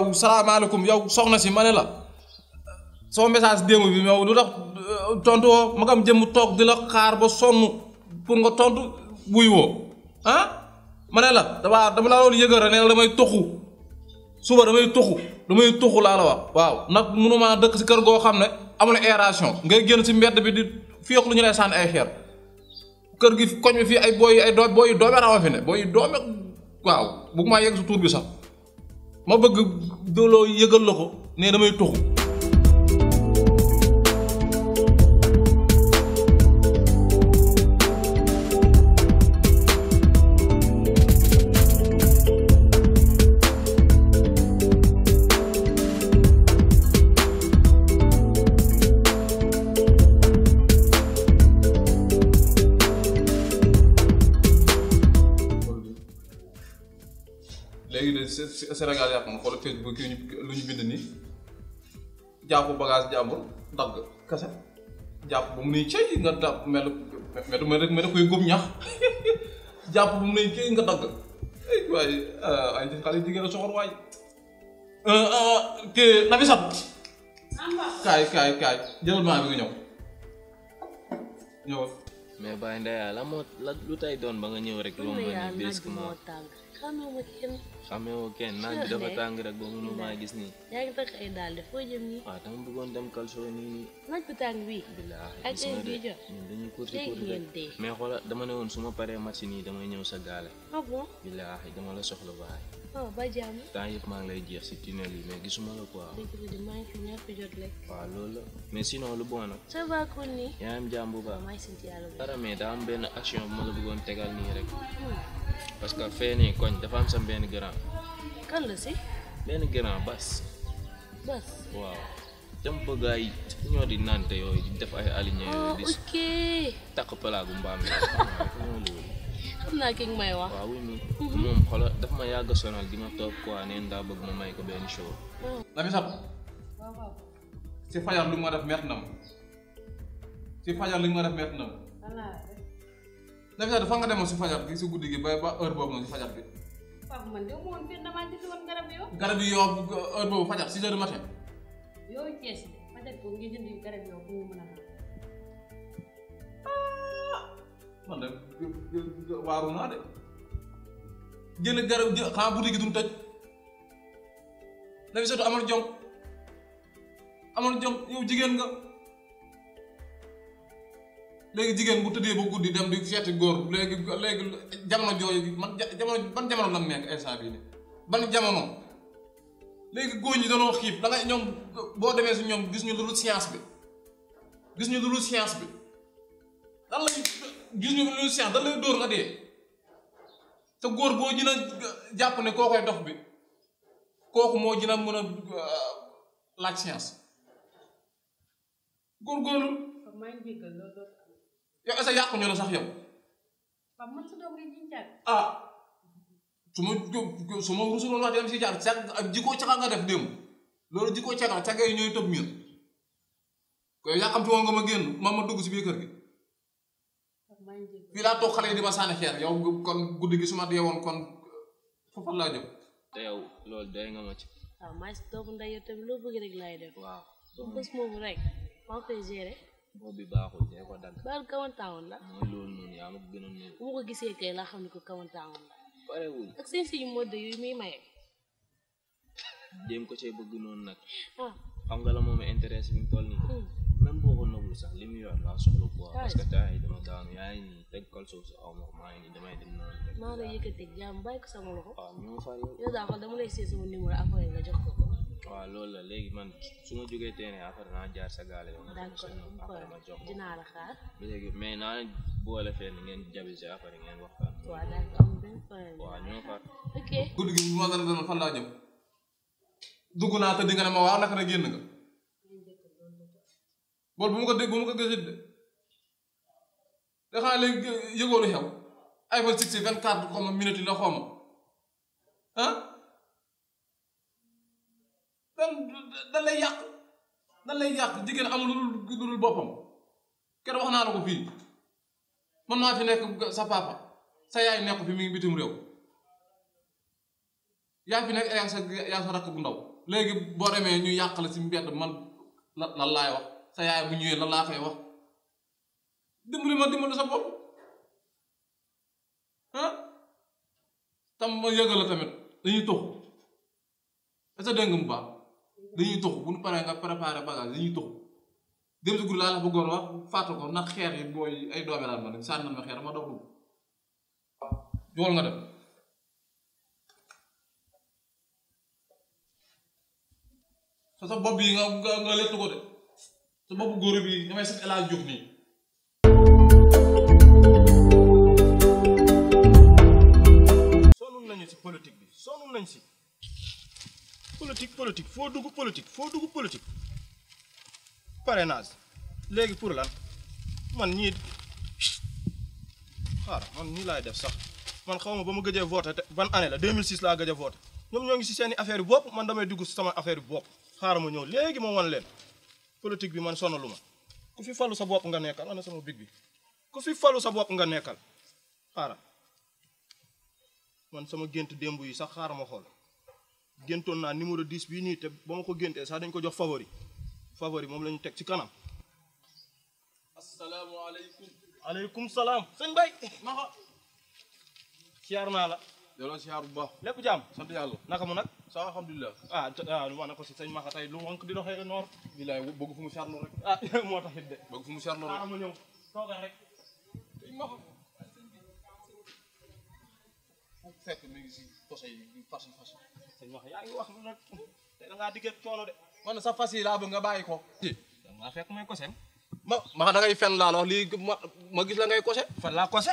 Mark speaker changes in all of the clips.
Speaker 1: yow alaykum yow soxna si manela so message démb bi yow lu tax euh, tontu ma gam jëm tok dila xaar ba sonu pour nga tontu buy wo han ah? manela ne la dama dama laa loolu yëgal rek la may toxu suba damay toxu damay toxu la la wax waaw nag mënumaa dekk ci kër go xamne ne amul aération ngay génn ci mbedd bi di féex lu ñu lay san ay xeer kër gi koñ fi ay boy ay doo boy yu doome rawa fi ne boy do doome waaw ma yegg su tour bi sax ma bëgg dooloo yëgal la ko ne damay tuxu ko kii luñu bind ni jàpp bagage jàmbur dag kasse jàpp bu muy cey nga dag mel mel mel mel koy gum ñax jàpp bu muy cey nga dag ay way ah, ay xali di gëna soxor way euh euh ke na bi sat
Speaker 2: kay
Speaker 3: kay kay jël ma bi ñew ñew mais bay ndeyaa la mo la lu doon ba nga ñew rek lu mo ni bes ko mo
Speaker 2: tag kami
Speaker 4: ma kenn
Speaker 3: xamewu kenn naan bi dafa tàng rek boobu nu maa gis nii
Speaker 4: yaa ngi takk ay dàll foo jëm nii
Speaker 3: waaw dama bëggoon dem kalso nii
Speaker 4: naaj bu tàng bii billaahi ak heure bii jot
Speaker 3: ñun dañuy sa ah bon billaahi sok la soxla baay
Speaker 4: waaw ba jàmm
Speaker 3: temps yëpp maa ngi lay lo kuah.
Speaker 4: tunnel yi di maa ngi fi ñaa fi jot lekk waaw loolu
Speaker 3: parce que fait ni koñ dafa am sam ben grand. kan la si. ben grand bas. bas wow, dama bëgg gay ñoo di nante yo, di def ay aligné yo, di ah, ok tak palaagu mbaam yi
Speaker 4: xam na ki may wax.
Speaker 3: waaw oui mom mhm. xoolal daf ma yag sonal di ma top quoi né nda bëgg ma may ko ben show.
Speaker 4: Nafi Sall.
Speaker 2: waaw waaw.
Speaker 1: si lu ma def mett na ma. lu ma def mett Nafi Sadio fan nga demoon si fajar gi si guddi gi ba ba heure boobu si fajar gi.
Speaker 2: waaw man de moom fii damaa jënd woon garab yoo.
Speaker 1: garab yoo heure mu mën a ah! man de waaru naa de jënd garab jë xanaa guddi gi duñ tëj Nafi Sadio amal jom amal jom yow jigéen nga. léegi jigéen bu tëddee ba guddi dem di seeti góor léegi léegi jamono jooju man jamono ban jamono lan nekk instant bii nii ban jamono léegi góor ñi danoo xiif da ngay ñoom boo demee si ñoom gis ñu lu dul science bi gis ñu lu dul science bi dan lañ gis ñu lu science dan dóor nga dee te góor boo gën jàpp ne koo dox bi kooku moo gën a mën a euh, laaj science góor-góorlu. yo est yak ñu la sax yow.
Speaker 4: ba mu su doog rek ñi jaar.
Speaker 1: ah suma suma su won wax dem ci jaar cag ak jiko ci nga def dem lolu jiko ci nga yi ñoy top mir ko yak am ci woon nga ma genn ma ma dugg ci biir kër gi. fi la toog xalé di ma sané xéer yow ya, kon gudd gi suma ma deewoon kon
Speaker 4: foofu la jëm.
Speaker 3: te yow lolu day nga ma ci.
Speaker 4: ah ma ci si doomu ndey yow tamit bëgg rek lay def. waaw soo bés moomu rek ma ngi koy gérer
Speaker 3: moo bi baaxul ci
Speaker 4: ko dagg baal kawantaawul la mooy loolu noonu yaa ma gënoon noonu bu ko gisee kay laa xam ne ko kawantaawul la parewul ak seen siñu modd yooyu muy maye
Speaker 3: jéem ko cee bëgg noonu nag xam nga la moom intéressé bi mu toll même boo ko sax li yor laa soxla quoi parce que temps dama kol ma
Speaker 4: dem la ko sama loxo waaw
Speaker 3: ñoo far yow yow
Speaker 4: daal dama lay seet sama numéro après nga jox ko
Speaker 3: waaw loolu la léegi man su ma jógee teene après naa jaar sa gaale yow.
Speaker 4: d'accord ma jox dinaa la xaar.
Speaker 3: léegi mais naa leen boole fenn ngeen jabi si après ngeen waxtaan.
Speaker 2: waaw d'accord benn problème. waaw ñoo far. ok.
Speaker 1: guddi gi moo doon doon fan laa jëm dugg naa te di nga ne ma waaw naka la génn nga. bool bu ma ko dégg bu ma ko gësit de da xanaa léegi yëgoonu xew iPhone 6 24 xaw ma minute la xaw ma ah. dan dan lay yàq dan lay yàq jigéen amul lu dul boppam keroog wax naa na ko fii mën naa fi nekk sa papa sa yaay nekk fi mi ngi bitim réew yaa fi nekk yaa sa yaa rakk bu ndaw léegi boo demee ñu yàq la si mbedd man lan laay wax sa yaay bu ñëwee lan laa koy wax dimbali ma sa bopp ah tam ma yëgal la tamit dañuy tox est-ce mu baax dañuy tuxu bu ñu paree nga préparé bagage dañuy tuxu dem si guddi laa la bëggoon wax fàtte ko ndax xeer yi booy ay doomi laal ma dañ sànni ma xeer ma dox bi damay sax El Hadj Diouf nañ si politique politique fo dugg politique politik. dugg politique parrainage léegi pour lan man ni xaar man ni lay def sax man xawma bama ba voter gëjee ban année la 2006 la gëj voter ñom ñoom ñoo ngi si seen affaire bop man damay dugg sama affaire bop xaar ma politik léegi mo won len politique bi man sonaluma ku fi falu sa bop nga nekkal ana sama big bi ku fi falu sa bop nga nekkal xaara man sama gént dembu yi sax xaar ma xol genton na numéro 10 bi ni te bama ko genté sa dañ ko jox favori favori mom lañu tek ci kanam alaykum alaykum salam seigne bay mako xiar naa la delloo xiar bu baax lepp jam sant yalla naka mu nak sa ah ah wana ko si sëñ lu wank di doxé noor billahi bëgg fu mu charlo rek ah moo tax de bëgg fu mu charlo rek ah ma ñëw toogal rek sëñ maxa fekk mi ngi sëñ wax yaa ngi wax lu nag te da ngaa diggee coono sa fas yi laa bëgg nga bàyyi ko. da ngaa fekk may ma ma da ngay fen laa la wax lii ma gis la ngay kose. fan laa kose.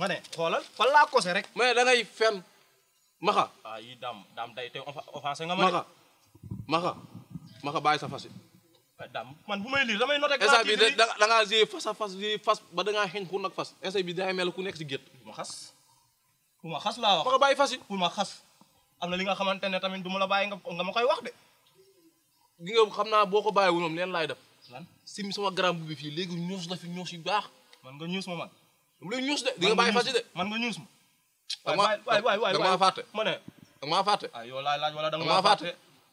Speaker 1: ma ne xoolal fan laa kose rek. mais da ngay fen maxa.
Speaker 3: Ah, daam daam day te offensé nga ma. maxa
Speaker 1: maxa maxa bàyyi sa fas yi. Ah, daam man bu may lii damay noté. grand bi da da ngaa fas a ba da ngaa xëñ xur nag fas. essai bi day mel ku nekk si gétt. ma xas ku ma xas laa wax. fas yi ma xas. amna li nga xamantene tamit duma la baye nga nga makoy wax de. gi nga xamna boko baye ko bàyyiwul moom leen def. lan simi sama grand bu bi fii léegi ñuus la fi ñuus yu bax man nga ñuus ma man. dum lay ñuus de di nga baye fatte de. man nga ñuus ma.
Speaker 2: way way way way da nga maa fàtte.
Speaker 1: ma ne da nga maa laaj wala da nga maa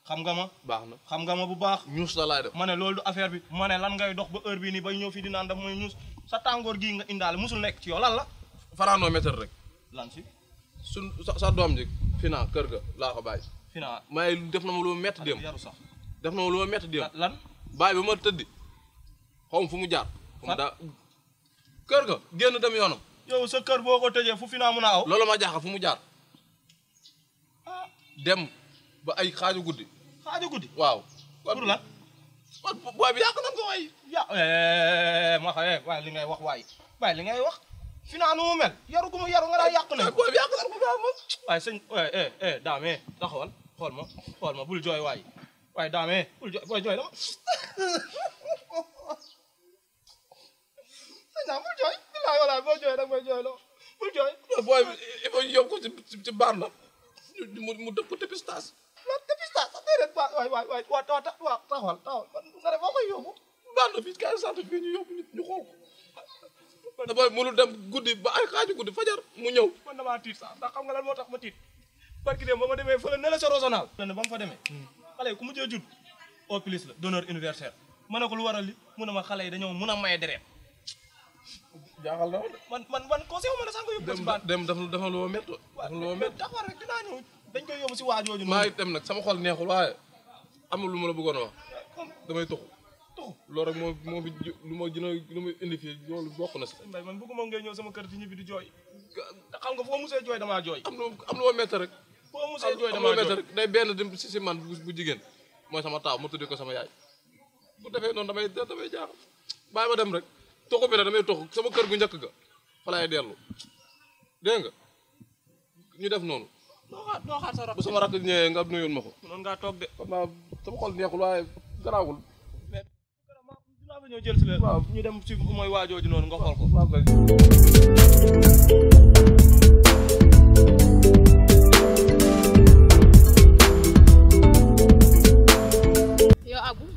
Speaker 1: xam nga ma baax na xam nga ma bu bax ñuus la lay def ma ne du affaire bi. ma lan ngay dox ba heure bi ni bay ñëw fi di naan daf may sa tangor gi nga indal musul nek ci yo lan la. faraanoo météo rek. lan ci sun sa dom doom ji finan kër ga laa ko bàyyi. may def na ma lu métti démb yaru sax def na ma lu métti démb. ba ma tëddi xaw fu mu jaar. kër ga génn dem yoonam. yow sa kër boo ko tëjee fu finan mun a aw. loolu ma jaaxal fu mu jaar dem ba ay xaaju guddi. xaaju guddi waaw. pour lan. booy bi yàq nañ ko waay. ya ma xam waaye li ngay wax waay waaye li ngay wax. finaalu mu mel yaru gu mu yaru nga daal yàq nañu ko yàq nañu ko daal moom. waaye sëñ eh eh, eh daame taxawal xool ma xool ma bul jooy waay waaye daame bul jooy booy jooy dama. sëñ naa bul jooy bilaay walaay boo jooy rek mooy jooy loo bul jooy. booy bi il faut ñu yóbbu ko ci ci baar la mu mu def ko dépistage. non dépistage sax déedéet waay waay waay waay waaw taxawal taxawal man nga ne foo koy yóbbu. baar la fii 15 centres fii ñu yóbbu ñu xool ko. da booy mënul dem guddi ba ay xaaju guddi fajar mu ñëw xam nga lan moo tax ma tiit parce ma demee fële ne la sa rosonal ba ma fa demee hmm. xale yi ku mujjee jud au plus la donneur universel ma ko lu war li mu ne ma xale yi dañoo mun a maye deret jaaxal man man man conseil ma ne sax nga yóbbu si baat dem dafa dafa lu ma a dafa lu ma dañ koy yóbbu si waajooju maa ngi dem nag sama xol neexul waaye amul lu ma la bëggoon wax damay tuxu loolu rek moo moo fi lu ma gën a lu ma indi fii loolu bokk na si. mbay man bëgguma ngay ñëw sama kër di ñibbi di jooy. xam nga foo musee jooy damaa jooy. am na am na woo métti rek.
Speaker 5: foo musee jooy damaa jooy am na rek
Speaker 1: day benn di si si man bu jigéen mooy sama taaw ma tuddee ko sama yaay. bu defee noonu damay damay jaaxal bàyyi ma dem rek toxu bi nag damay toxu sama kër gu njëkk ga fa laay dellu dégg nga ñu def noonu. doo xaar doo xaar sa rakk bu sama rakk ñëwee nga nuyoon ma ko. noonu ngaa toog de. xam sama xol neexul waaye garaawul. waaw ñoo jël ñu dem si mooy waajooju noonu
Speaker 4: yow Abu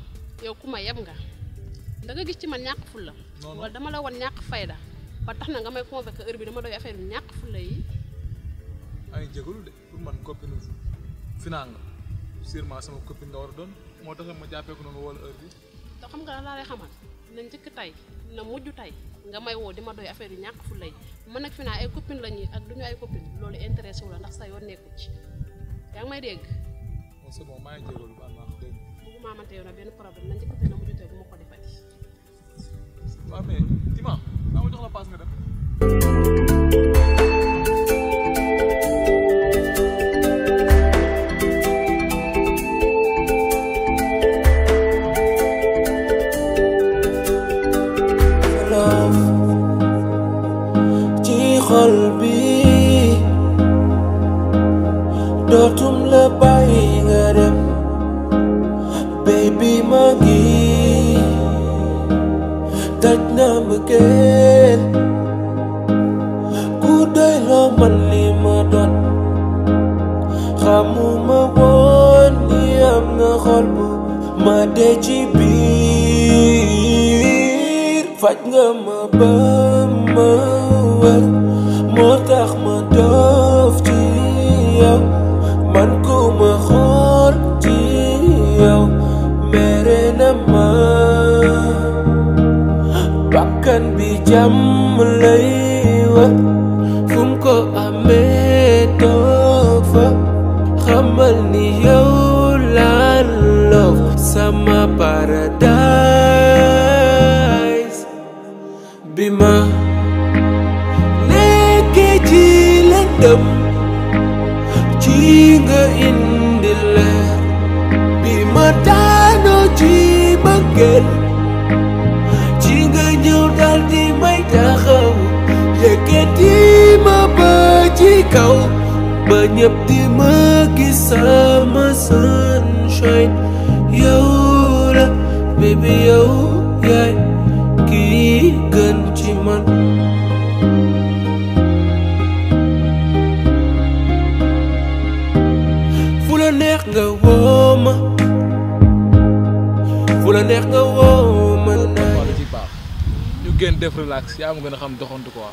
Speaker 4: yow ku ma yeb nga da nga gis ci man ñàkk fulla wala dama la wan ñàkk fayda ba tax na nga may convaincre heure bi dama doy affaire bi ñàkk fulla yi.
Speaker 1: ay jégalu de pour man copine finaa nga sûrement sama copine nga war a doon moo tax ma jàppee ko
Speaker 4: noonu wala heure bi. te xam nga laa lay xamal na njëkk tey na mujj tey nga may woo di ma doy affaire yu ñàkk fu lay man nag fi naa ay copine la ak du ñu ay copine loolu intéressé la ndax sa yoon nekkul ci yaa ngi may dégg. moo c'est bon maa ngi jégalu bu baax dégg benn problème njëkk tey na ma ko defati. waaw jox la paas nga dem.
Speaker 5: lớp chiều mắn bahkan bị chăm lấy vật phung có à ơn ni yêu lan love sama paradise bima kau Banyak di sama sunshine Yaula baby yau yai Ki gần chỉ mắt Vula nét ngờ vô mà Vula nét ngờ mà Lu gën def relax yaa ma
Speaker 1: xam doxantu quoi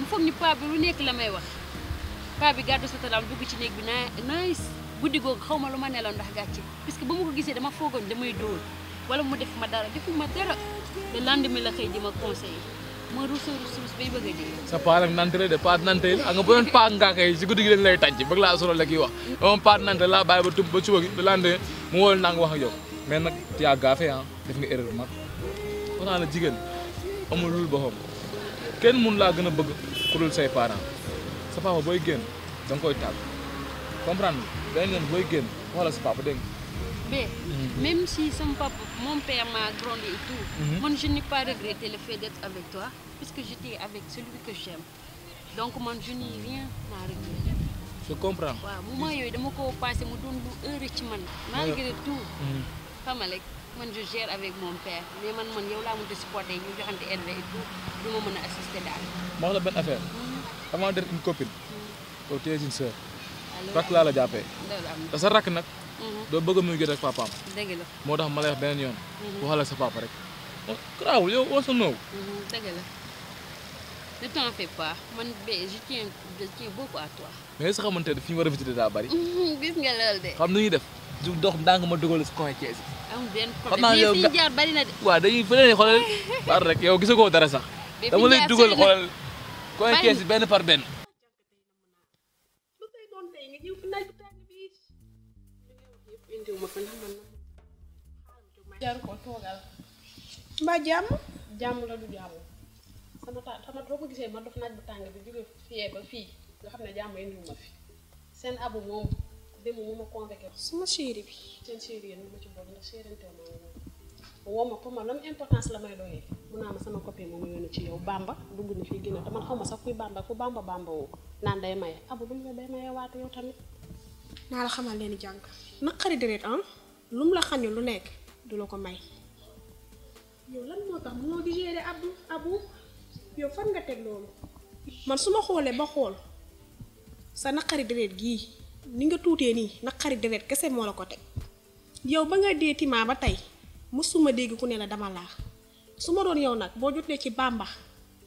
Speaker 2: mu foog ni paa bi lu nekk la may wax paa bi gàddu sa dugg ci néeg bi nice guddi googu xaw ma lu ma nelaw ndax gàcce puisque ba ma ko gisee dama foogoon damay dóor wala mu def ma dara defu ma dara le lendemain la xëy di ma conseillé ma ruusoo ruus bay bëgg a dee.
Speaker 5: sa paa
Speaker 1: nag nante de paa nante la nga bu doon paa ngaa kay si guddi gi dañ lay tàjj bëgg laa solo la kii wax moom paa nante laa bàyyi ba tub ba suba gi le lendemain mu wóor naa nga wax ak yow mais nag yaa gaafee ah def nga erreur mag wax la jigéen amul lul boppam quel monde la gën a bëgg pour dul say parents sa papa boy génn donc nga koy tàgg comprendre nga dañ leen booy génn wala papa
Speaker 2: mais mhm. même si son papa mon père m'a grandi et tout moi mhm. je n'ai pas regretté le fait d'être avec toi puisque j'étais avec celui que j'aime donc moi je n'ai rien à regretter je comprends Je moment yooyu dama ko passé mu doon lu heure ci man malgré tout mhm. xamal man je gère avec mon père mais man man yow laa mënut a supporter ñu joxante RV du ma mën a assister daal.
Speaker 1: ma wax la benn affaire. Hmm? avant d'être une copine. Hmm. yow tu
Speaker 2: rakk la jàppee. sa rakk nag. Hmm. doo
Speaker 1: bëgg muy jot ak papaam. la moo tax ma lay beneen yoon. waxal ak sa papa rek. waaw oh, garaawul yow woo sa noow.
Speaker 2: dëgg la ne t'en fais pas man je tiens je tiens beaucoup
Speaker 1: xamante ne fi ñu war a visiter
Speaker 2: xam
Speaker 1: nu ñuy def. du dox ndànk ma dugal si coin Thiès.
Speaker 2: amul benn problème fii jaar bari na de.
Speaker 1: waaw dañuy fële ne xoolal war rek yow gisagoo dara sax.
Speaker 2: dama lay dugal xoolal
Speaker 5: coin
Speaker 4: Thiès ko toogal. mbaa jàmm. jàmm la du jàmm. sama ta sama boo ko gisee ma dof naaj bu tàng bi jóge fii fii nga xam ne jàmm indi ma fi seen abu moom. démb mu ma convoqué suma chéri bi seen chéri yéen ma ci boole ndax chérante maa ngi woo ma pour ma lam importance la may doyee mun naa ma sama copine moom ma yónni ci yow bamba dugg na fii génn man xaw ma sax kuy bamba ku bamba bamba woo naan day maye abu buñ la day maye waate yow tamit naa xamal leen jàng naqari déret ah lu mu la xañu lu nekk du la ko may yow lan moo tax munoo digéré abu abu yow fan nga teg loolu man su ma xoolee ba xool sa naqari déret gii ni nga tuutee nii xarit deret kese moo la ko teg yow ba nga dee timaa ba tey musuma dégg ku ne la dama laa su ma doon yow nag boo jotee ci bàmba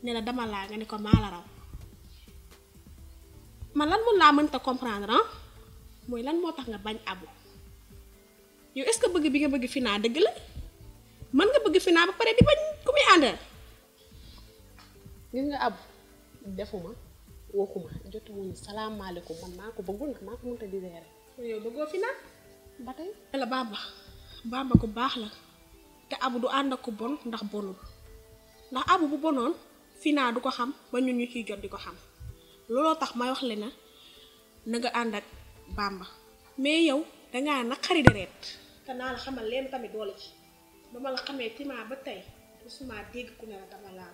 Speaker 4: ne la dama laa nga ne ko maa la raw man lan mun laa mënta comprendre ah mooy lan moo tax nga bañ abu yow est ce que bëgg bi nga bëgg finaa dëgg la mën nga bëgg fina ba pare di bañ ku muy àndal nga abu defuma waxuma jotuma salam salaamaaleykum man mako ko bëggul ndax maa di mënta yow bëggoo fi naan batay tey. la baba bamba ku la te abu du ànd ak bon ndax bonul ndax abu bu bonon. finaa du ko xam ba ñun ñu ci jot di ko xam lolo tax may wax leena na nga ànd ak bamba mais yow dangaa naqari deret te na la xamal leen tamit doole ci ba ma la xamee timaa ba tay suma deg ku ne dama laa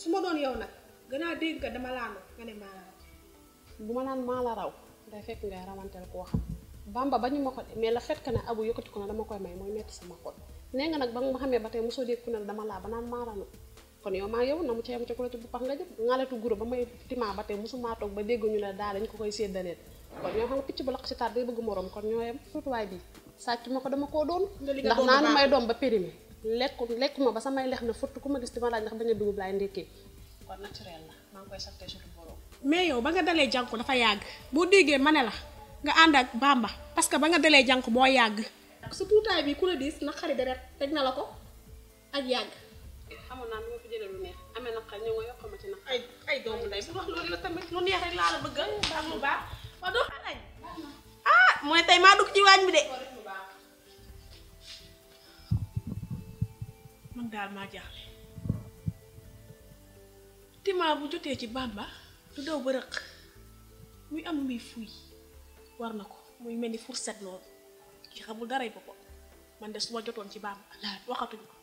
Speaker 4: suma doon yow nak gannaaw dégg nga dama laanu nga ne maa la raw bu ma naan maa la raw day fekk ngay rawanteel koo xam bamba ba ñu ma ko de mais la fait que ne abu yëkkati ko na dama koy may mooy metti sama xol nee nga nag ba nga xamee ba tey mosoo dégg ku ne dama laa ba naan maa ranu kon yow maa yow na mu ca yem ca ku la ci bu pax nga jëm ngaletu guro ba may timaa ba tey mosumaa toog ba dégg ñu ne daal dañ ko koy séddaleen kon ñoo xam nga picc bu lakk si taat day bëgg moroom kon ñoo yem tuutuwaay bi sàcc ma ko dama koo doon ndax naanu may doom ba périmé lekku lekkuma ba samay lex na fëtt ku ma gis dima laaj ndax bañ a dugub laay ndekkee par naturel la maa ngi koy sante suñu borom. mais yow ba nga dalee jànku dafa yàgg boo déggee ma ne la nga ànd ak bamba parce que ba nga dalee jànku moo yàgg. su tuutaay bi ku la diis na xari deret teg na la ko ak yàgg. xamoon naa ma fi jëlee lu neex amee naqar ñëw nga yokk ma ci naqar. ay ay doomu bu wax loolu la tamit lu neex rek laa la bëgg baax lu baax doo ah mu yang tey maa dugg ci waañ bi de. man daal maa jaaxle. sentiment bu jotee ci Bamba ba daw ba rëq muy am muy fuy war na ko muy mel ni fourchette noonu ci xamul daray boppam man de su jotoon ci Bamba laa waxatuñ ko